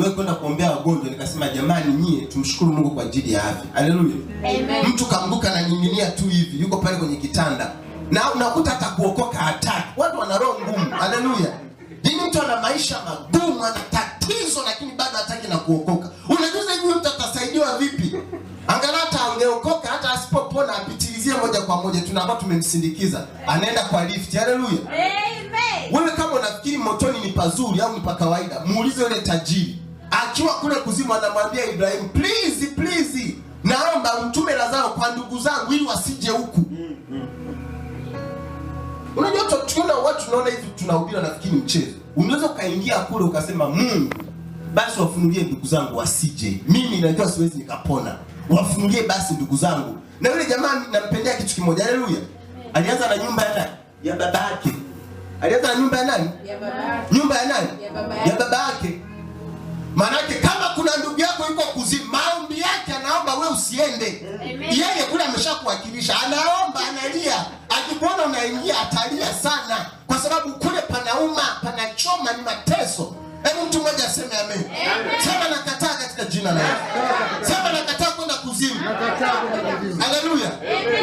nimewahi kwenda kuombea wagonjwa, nikasema jamani, nyie tumshukuru Mungu kwa ajili ya afya. Haleluya, amen. Mtu kaanguka na ananyinginia tu hivi, yuko pale kwenye kitanda, na unakuta atakuokoka hataki. Watu wana roho ngumu. Haleluya, dini, mtu ana maisha magumu, ana tatizo, lakini bado hataki na kuokoka. Unajua hivi, mtu atasaidiwa vipi? Angalau hata angeokoka, hata asipopona apitilizie moja kwa moja, tunakuwa tumemsindikiza, anaenda kwa lift. Haleluya, amen. Wewe kama unafikiri motoni ni pazuri au ni pa kawaida, muulize yule tajiri akiwa kule kuzimu anamwambia Ibrahimu, please please, naomba mtume Lazaro kwa ndugu zangu ili wasije huku. mm -hmm. Unajua, tukiona watu tunaona hivi tunahubiri, nafikiri mchezo. Unaweza ukaingia kule ukasema, Mungu hmm, basi wafunulie ndugu zangu wasije, mimi najua siwezi nikapona, wafunulie basi ndugu zangu. Na yule jamaa nampendea kitu kimoja, haleluya. Alianza na nyumba ya nani? Ya babake. Alianza na nyumba ya nani? Ya babake. Nyumba ya nani? Ya babake. Maanake kama kuna ndugu yako yuko kuzimu, maombi yake anaomba we usiende. Yeye kule ameshakuwakilisha, anaomba, analia, akikuona unaingia atalia sana, kwa sababu kule panauma, panachoma, ni mateso. Hebu mtu mmoja aseme amen. Sema nakataa katika jina la Yesu. Sema nakataa kwenda kuzimu. Haleluya.